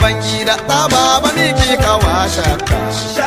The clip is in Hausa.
babban ta baba miki kawa